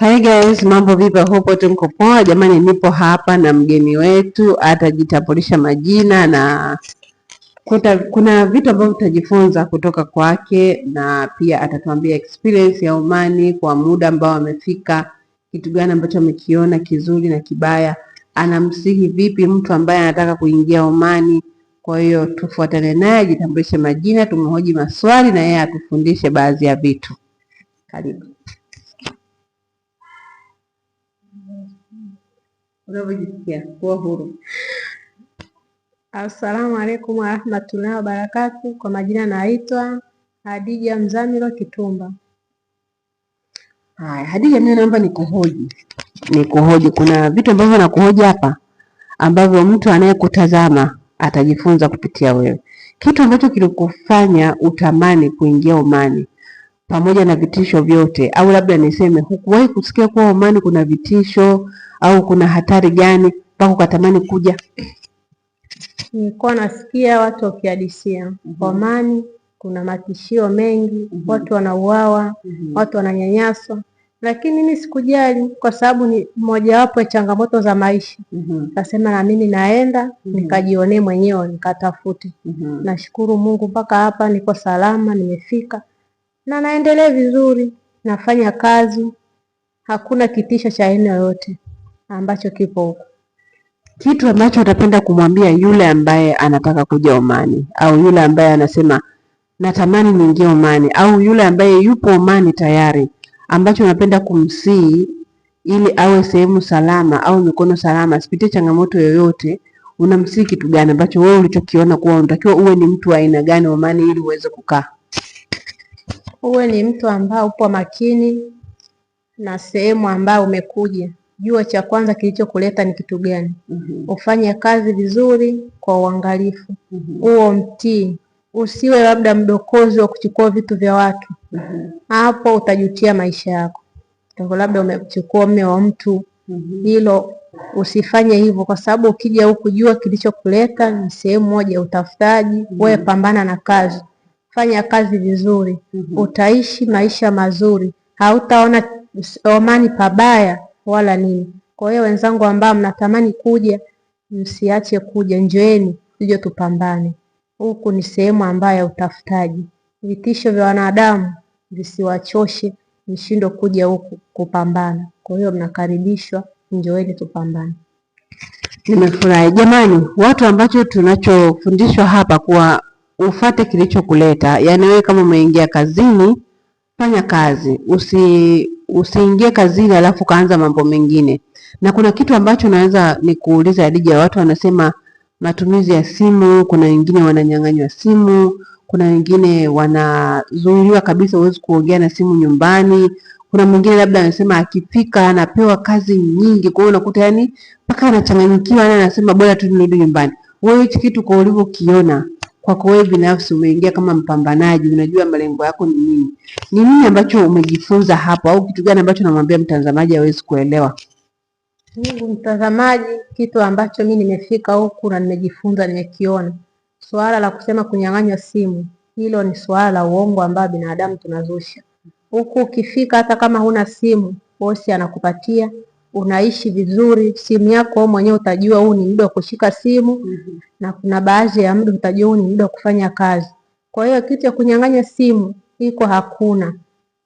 Hi guys, mambo vipi? Hope wote mko poa. Jamani, nipo hapa na mgeni wetu atajitambulisha majina na kuta, kuna vitu ambavyo tutajifunza kutoka kwake na pia atatuambia experience ya Omani kwa muda ambao amefika, kitu gani ambacho amekiona kizuri na kibaya, anamsihi vipi mtu ambaye anataka kuingia Omani. Kwa hiyo tufuatane naye ajitambulishe majina, tumhoji maswali na yeye atufundishe baadhi ya vitu. Karibu. unavyojisikia kuwa huru. Assalamu alaikum warahmatullahi wabarakatu. Kwa majina naitwa Hadija Mzamiro Kitumba. Haya, Hadija, mimi naomba nikuhoji, nikuhoji. Kuna vitu ambavyo nakuhoji hapa ambavyo mtu anayekutazama atajifunza kupitia wewe, kitu ambacho kilikufanya utamani kuingia Omani pamoja na vitisho vyote, au labda niseme hukuwahi kusikia kuwa Omani kuna vitisho au kuna hatari gani mpaka ukatamani kuja? Nilikuwa nasikia watu wakihadisia mm -hmm. Omani kuna matishio mengi mm -hmm. watu wanauawa mm -hmm. watu wananyanyaswa, lakini mimi sikujali kwa sababu ni mojawapo ya changamoto za maisha mm -hmm. na mimi naenda mm -hmm. nikajionee mwenyewe nikatafute mm -hmm. Nashukuru Mungu mpaka hapa niko salama, nimefika na naendelea vizuri, nafanya kazi, hakuna kitisha cha aina yoyote ambacho kipo huko. Kitu ambacho utapenda kumwambia yule ambaye anataka kuja Omani au yule ambaye anasema natamani niingie Omani au yule ambaye yupo Omani tayari, ambacho unapenda kumsii ili awe sehemu salama au mikono salama, asipitie changamoto yoyote, unamsii kitu gani ambacho wewe ulichokiona kuwa unatakiwa uwe ni mtu wa aina gani Omani ili uweze kukaa? Uwe ni mtu ambaye upo makini na sehemu ambayo umekuja. Jua cha kwanza kilichokuleta ni kitu gani? mm -hmm. Ufanye kazi vizuri kwa uangalifu. mm -hmm. Uo mtii, usiwe labda mdokozi wa kuchukua vitu vya watu. mm -hmm. Hapo utajutia maisha yako, labda umechukua mme wa mtu. mm -hmm. Hilo usifanye hivyo, kwa sababu ukija huku jua kilichokuleta ni sehemu moja ya utafutaji. mm -hmm. Wewe mm-hmm. pambana na kazi fanya kazi vizuri mm -hmm. Utaishi maisha mazuri, hautaona omani pabaya wala nini. Kwa hiyo wenzangu, ambao mnatamani kuja, msiache kuja, njoeni tuje tupambane. Huku ni sehemu ambayo ya utafutaji, vitisho vya wanadamu visiwachoshe mshindo kuja huku kupambana. Kwa hiyo mnakaribishwa, njoeni tupambane. Nimefurahi jamani, watu ambacho tunachofundishwa hapa kuwa ufate kilichokuleta. Yaani wewe kama umeingia kazini, fanya kazi, usi usiingie kazini alafu kaanza mambo mengine. Na kuna kitu ambacho naweza nikuuliza Adija, watu wanasema matumizi ya simu, kuna wengine wananyang'anywa simu, kuna wengine wanazuiliwa kabisa, huwezi kuongea na simu nyumbani. Kuna mwingine labda anasema akifika anapewa kazi nyingi, kwa hiyo unakuta yani mpaka anachanganyikiwa, anasema bora tu nirudi nyumbani. Wewe hichi kitu kwa ulivyokiona kwako wewe binafsi umeingia kama mpambanaji, unajua malengo yako ni nini, ni nini ambacho umejifunza hapo, au kitu gani ambacho namwambia mtazamaji hawezi kuelewa? Mungu mtazamaji, kitu ambacho mi nimefika huku na nimejifunza, nimekiona, swala la kusema kunyang'anywa simu, hilo ni swala la uongo ambayo binadamu tunazusha huku. Ukifika hata kama huna simu, bosi anakupatia unaishi vizuri, simu yako wewe mwenyewe utajua huu ni muda wa kushika simu mm -hmm. na kuna baadhi ya muda utajua huu ni muda wa kufanya kazi. Kwa hiyo kitu cha kunyang'anya simu iko hakuna,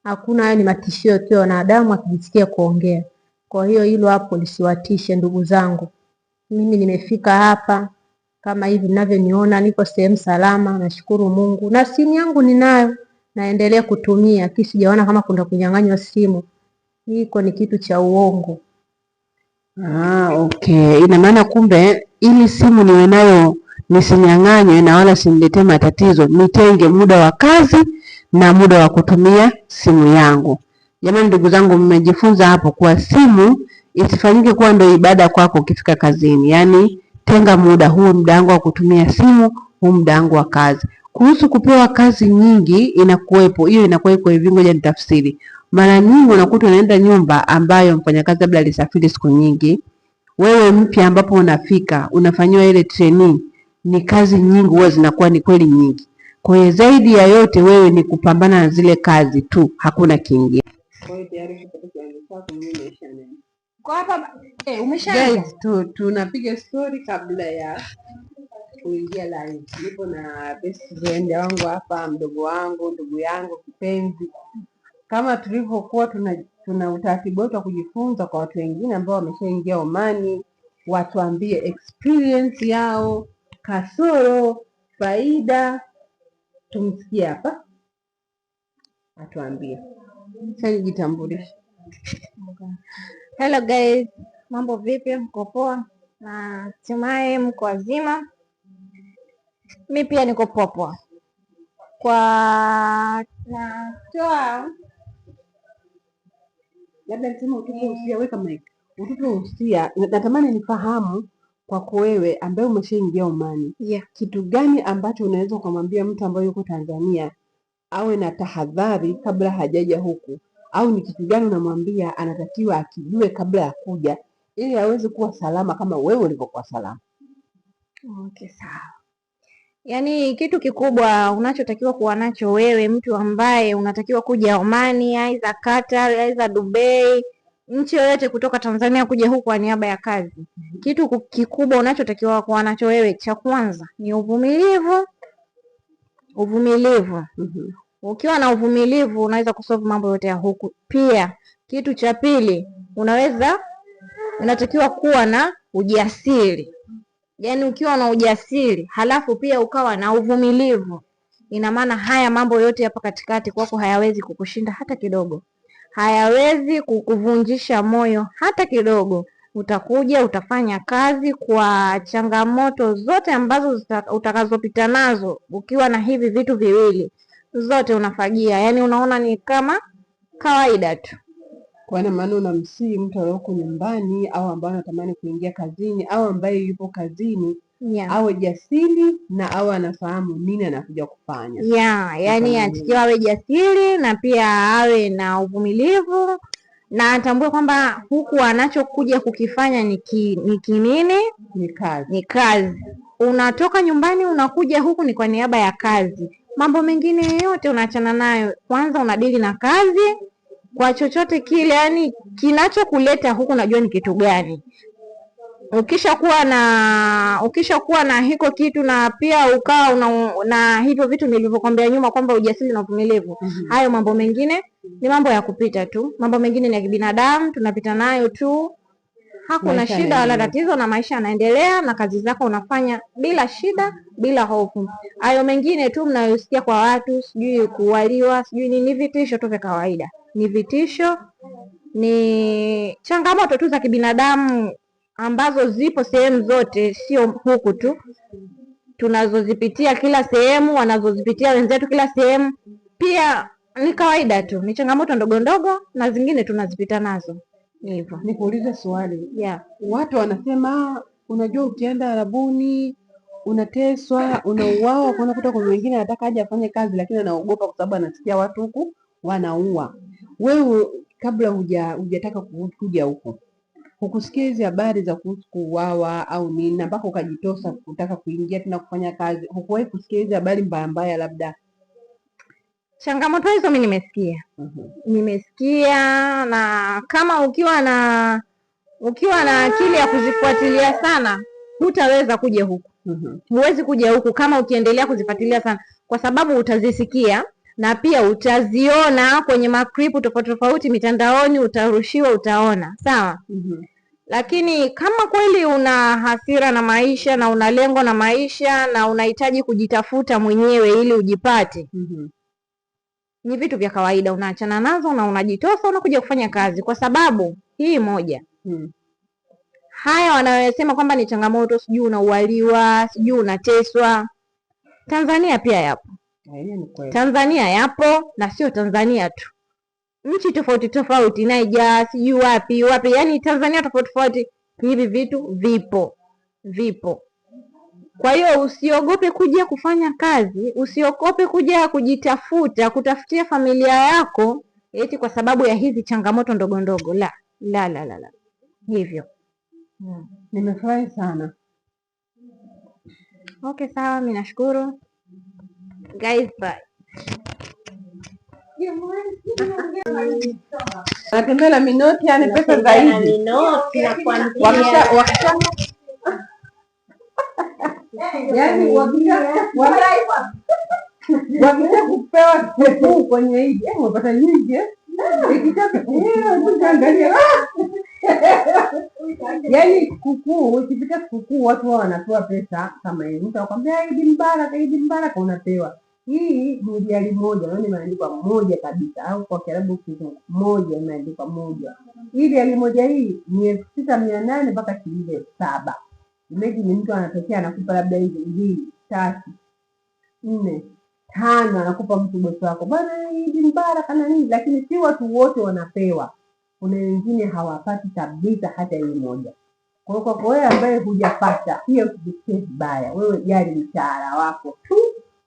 hakuna. Hayo ni matishio tu ya wanadamu akijisikia kuongea. Kwa hiyo hilo hapo lisiwatishe ndugu zangu. Mimi nimefika hapa kama hivi ninavyoniona, niko sehemu salama, nashukuru Mungu na simu yangu ninayo, naendelea kutumia, kisijaona kama kuna kunyang'anywa simu. Hiko ni kitu cha uongo. Ah, okay. Ina maana kumbe ili simu niwe nayo nisinyang'anywe na wala simletee matatizo, nitenge muda wa kazi na muda wa kutumia simu yangu. Jamani ndugu zangu, mmejifunza hapo kuwa simu isifanyike kuwa ndio ibada kwako ukifika kazini. Yaani tenga muda huu, muda wangu wa kutumia simu, huu muda wangu wa kazi. Kuhusu kupewa kazi nyingi inakuwepo, hiyo inakuwa iko hivi, ngoja nitafsiri. Mara nyingi unakuta unaenda nyumba ambayo mfanyakazi labda alisafiri siku nyingi, wewe mpya, ambapo unafika unafanyiwa ile training, ni kazi nyingi huwa zinakuwa ni kweli nyingi. Kwa hiyo zaidi ya yote wewe ni kupambana na zile kazi tu, hakuna kingine. Eh, Guys, tu tunapiga story kabla ya kuingia live. Nipo na best friend wangu hapa, mdogo wangu, ndugu yangu kipenzi kama tulivyokuwa tuna, tuna utaratibu wetu wa kujifunza kwa watu wengine ambao wameshaingia Omani, watuambie experience yao, kasoro, faida. Tumsikie hapa atuambie. Jitambulishe. Hello guys, mambo vipi? Mko poa? Na tumaye mko wazima. Mi pia niko poa poa kwa natoa Yaani labda nisema utupe usia, weka mic, utupe usia. Natamani nifahamu kwako wewe ambaye umeshaingia Omani, yeah. kitu gani ambacho unaweza ukamwambia mtu ambaye yuko Tanzania awe na tahadhari kabla hajaja huku, au ni kitu gani unamwambia anatakiwa akijue kabla ya kuja ili aweze kuwa salama kama wewe ulivyokuwa salama? Okay, sawa. Yaani kitu kikubwa unachotakiwa kuwa nacho wewe, mtu ambaye unatakiwa kuja Omani, aidha Qatar, aidha Dubai, nchi yoyote kutoka Tanzania kuja huku kwa niaba ya kazi, kitu kikubwa unachotakiwa kuwa nacho wewe, cha kwanza ni uvumilivu. Uvumilivu, mm-hmm. Ukiwa na uvumilivu unaweza kusolve mambo yote ya huku. Pia kitu cha pili, unaweza unatakiwa kuwa na ujasiri yaani ukiwa na ujasiri halafu pia ukawa na uvumilivu, ina maana haya mambo yote hapa katikati kwako hayawezi kukushinda hata kidogo, hayawezi kukuvunjisha moyo hata kidogo. Utakuja utafanya kazi kwa changamoto zote ambazo utakazopita nazo, ukiwa na hivi vitu viwili, zote unafagia, yaani unaona ni kama kawaida tu. Kwa ina maana unamsii mtu aliyoko nyumbani au ambaye anatamani kuingia kazini au ambaye yupo kazini Yeah. awe jasiri na awe anafahamu nini anakuja kufanya. Yeah, yani atikiwa awe jasiri na pia awe na uvumilivu na atambue kwamba huku anachokuja kukifanya ni ki, ni kinini? Ni kazi. Ni kazi. Unatoka nyumbani unakuja huku ni kwa niaba ya kazi. Mambo mengine yote unaachana nayo. Kwanza unadili na kazi, kwa chochote kile, yani kinachokuleta huku, najua ni kitu gani. Ukishakuwa na ukishakuwa na hiko kitu na pia ukawa una, na hivyo vitu nilivyokwambia nyuma kwamba ujasiri na uvumilivu mm -hmm. Hayo mambo mengine ni mambo ya kupita tu, mambo mengine ni ya kibinadamu, tunapita nayo tu, hakuna maisha shida wala tatizo, na maisha yanaendelea na kazi zako unafanya bila shida, bila hofu. Hayo mengine tu mnayosikia kwa watu, sijui kuwaliwa, sijui nini, vitisho tu vya kawaida ni vitisho, ni changamoto tu za kibinadamu ambazo zipo sehemu zote, sio huku tu, tunazozipitia kila sehemu, wanazozipitia wenzetu kila sehemu pia ni kawaida tu, ni changamoto ndogo ndogo na zingine tunazipita nazo hivyo. Nikuulize swali yeah. Watu wanasema unajua, ukienda Arabuni unateswa, unauawa. Kuna kuta kuna wengine anataka aje afanye kazi, lakini anaogopa kwa sababu anasikia watu huku wanaua. Wewe kabla hujataka kuja huku hukusikia hizi habari za kuhusu kuuawa au nini, ambako ukajitosa kutaka kuingia tena kufanya kazi? Hukuwahi kusikia hizi habari mbaya mbaya, labda changamoto hizo? Mi nimesikia mm-hmm. nimesikia na kama ukiwa na ukiwa na akili ya kuzifuatilia sana hutaweza kuja huku mm-hmm. huwezi kuja huku kama ukiendelea kuzifuatilia sana, kwa sababu utazisikia na pia utaziona kwenye makripu tofauti tofauti mitandaoni, utarushiwa, utaona sawa. mm -hmm. Lakini kama kweli una hasira na maisha na una lengo na maisha na unahitaji kujitafuta mwenyewe ili ujipate, mm -hmm. ni vitu vya kawaida, unaachana nazo na unajitosa, unakuja kufanya kazi, kwa sababu hii moja, mm. haya wanayosema kwamba ni changamoto, sijui unauwaliwa sijui unateswa, Tanzania pia yapo Eh, Tanzania yapo na sio Tanzania tu, nchi tofauti tofauti, Naija sijui wapi wapi, yaani Tanzania tofauti tofauti, hivi vitu vipo vipo. Kwa hiyo usiogope kuja kufanya kazi, usiogope kuja kujitafuta, kutafutia familia yako eti kwa sababu ya hizi changamoto ndogo ndogo. La la la la, la. Hivyo hmm. nimefurahi sana. Okay, sawa, mimi nashukuru. Guys, bye. Wanatembea na minoti, yani pesa zaidi wakisha kupewa tepuu kwenye hii umepata nyingi eh? ikishaangalia eh, sikukuu ikipita sikukuu watu wao wanatoa pesa kama hivi, mtu akwambia Idi Mbaraka, Idi Mbaraka unapewa hii ni mojali moja, yaani imeandikwa moja kabisa, au kwa Kiarabu moja imeandikwa moja. Hii riali moja hii ni elfu sita mia nane mpaka shilingi elfu saba. ni mtu anatokea anakupa labda hizi mbili, tatu, nne, tano, anakupa mtu bosi wako, bwana hii mbaraka na nini, lakini si watu wote wanapewa. Kuna wengine hawapati kabisa hata hii moja. Kwa hiyo kwako wewe ambaye hujapata, hiyo sijisikie vibaya, wewe jali mshahara wako tu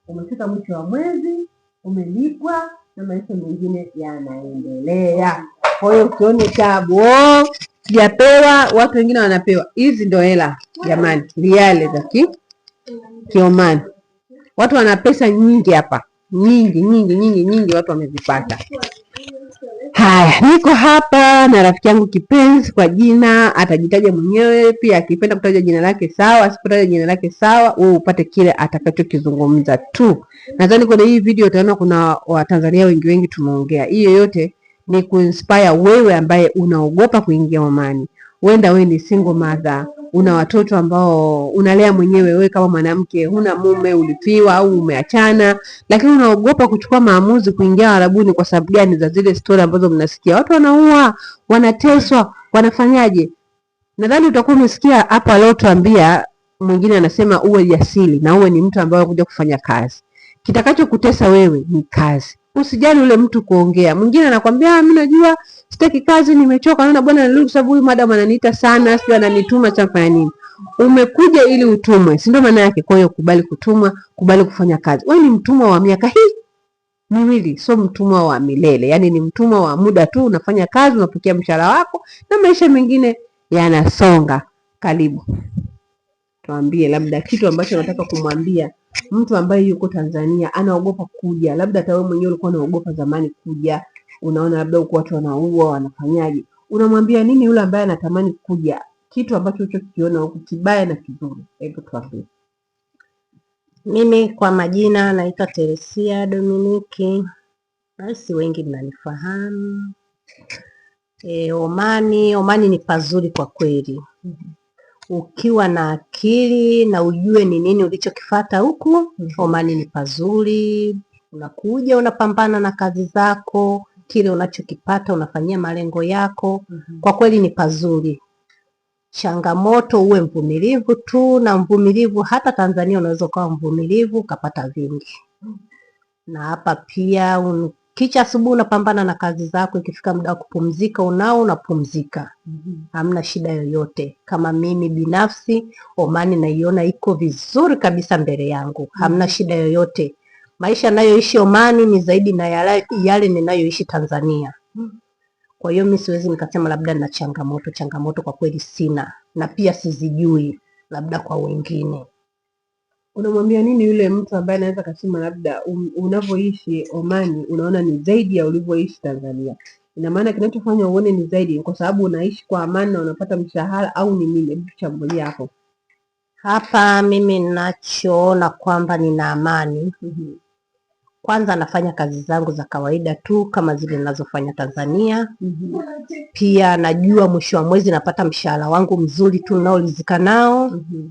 umefika mwisho wa mwezi, umelipwa na maisha mengine yanaendelea. Kwa hiyo ukione tabu sijapewa, watu wengine wanapewa. Hizi ndo hela jamani, riale za Kiomani. Watu wana pesa nyingi hapa, nyingi nyingi nyingi nyingi, watu wamezipata. Haya, niko hapa na rafiki yangu kipenzi kwa jina, atajitaja mwenyewe pia. Akipenda kutaja jina lake sawa, asipotaja jina lake sawa, wewe upate kile atakachokizungumza tu. Nadhani kwenye hii video utaona kuna Watanzania wengi wengi tumeongea. Hii yote ni kuinspire wewe ambaye unaogopa kuingia mamani, Wenda wewe ni single mother una watoto ambao unalea mwenyewe, wewe kama mwanamke huna mume, ulipiwa au umeachana, lakini unaogopa kuchukua maamuzi, kuingia arabuni Kwa sababu gani? Za zile stori ambazo mnasikia watu wanaua, wanateswa, wanafanyaje. Nadhani utakuwa umesikia hapa leo, tuambia mwingine anasema uwe jasiri na uwe ni mtu ambaye anakuja kufanya kazi. Kitakachokutesa wewe ni kazi, usijali ule mtu kuongea. Mwingine anakwambia ah, mimi najua sitaki kazi, nimechoka, naona bwana anarudi kwa sababu huyu madam ananiita sana, sio ananituma, cha kufanya nini? Umekuja ili utumwe, si ndio maana yake? Kwa hiyo kubali kutumwa, kubali kufanya kazi. Wewe ni mtumwa wa miaka hii miwili, sio mtumwa wa milele. Yani ni mtumwa wa muda tu, unafanya kazi, unapokea mshahara wako na maisha mengine yanasonga. Karibu tuambie, labda kitu ambacho nataka kumwambia mtu ambaye yuko Tanzania anaogopa kuja, labda hata wewe mwenyewe ulikuwa unaogopa zamani kuja unaona labda huko watu wanaua wanafanyaje, unamwambia nini yule ambaye anatamani kuja kitu ambacho ulichokiona huku kibaya na kizuri? Hebu tuambie. Mimi kwa majina naitwa Teresia Dominiki, basi wengi mnanifahamu. E, Omani, Omani ni pazuri kwa kweli ukiwa na akili na ujue ni nini ulichokifata huku. mm -hmm. Omani ni pazuri, unakuja unapambana na kazi zako, kile unachokipata unafanyia malengo yako mm -hmm. Kwa kweli ni pazuri. Changamoto uwe mvumilivu tu na mvumilivu. Hata Tanzania unaweza ukawa mvumilivu ukapata vingi Na hapa pia un... kicha asubuhi unapambana na kazi zako, ikifika muda wa kupumzika unao unapumzika mm -hmm. Hamna shida yoyote. Kama mimi binafsi Omani naiona iko vizuri kabisa mbele yangu mm -hmm. Hamna mm-hmm. shida yoyote maisha nayoishi Omani ni zaidi na yale, yale ninayoishi Tanzania. Kwa hiyo mimi siwezi nikasema labda na changamoto. Changamoto kwa kweli sina, na pia sizijui, labda kwa wengine. Unamwambia nini yule mtu ambaye anaweza kasema labda um, unavyoishi Omani unaona ni zaidi ya ulivyoishi Tanzania? Ina maana kinachofanya uone ni zaidi kwa sababu unaishi kwa amani na unapata mshahara, au ni nini? Hebu tuchambulie hapo. Hapa mimi ninachoona kwamba nina amani mm -hmm. Kwanza nafanya kazi zangu za kawaida tu kama zile ninazofanya Tanzania. mm -hmm. Pia najua mwisho wa mwezi napata mshahara wangu mzuri tu unaolizika nao. mm -hmm.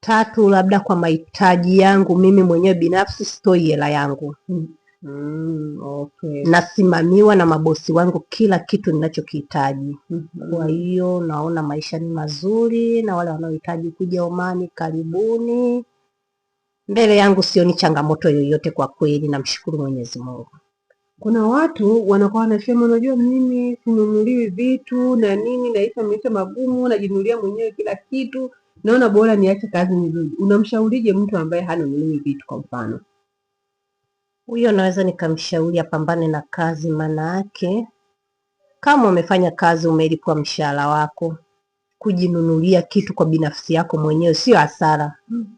Tatu, labda kwa mahitaji yangu mimi mwenyewe binafsi sitoi hela yangu. Mm -hmm. Okay. Nasimamiwa na mabosi wangu kila kitu ninachokihitaji. mm -hmm. Kwa hiyo naona maisha ni mazuri, na wale wanaohitaji kuja Omani, karibuni mbele yangu sioni changamoto yoyote kwa kweli, namshukuru Mwenyezi Mungu. Kuna watu wanakuwa wanasema, unajua mimi sinunuliwi vitu na nini, naisha maisha magumu, najinunulia mwenyewe kila kitu, naona bora niache kazi nirudi. Unamshaurije mtu ambaye hanunuliwi vitu? Kwa mfano huyo, naweza nikamshauri apambane na kazi, maana yake kama umefanya kazi, umelipwa mshahara wako, kujinunulia kitu kwa binafsi yako mwenyewe sio hasara. hmm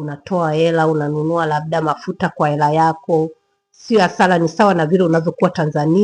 unatoa hela unanunua labda mafuta kwa hela yako, sio hasara, ni sawa na vile unavyokuwa Tanzania.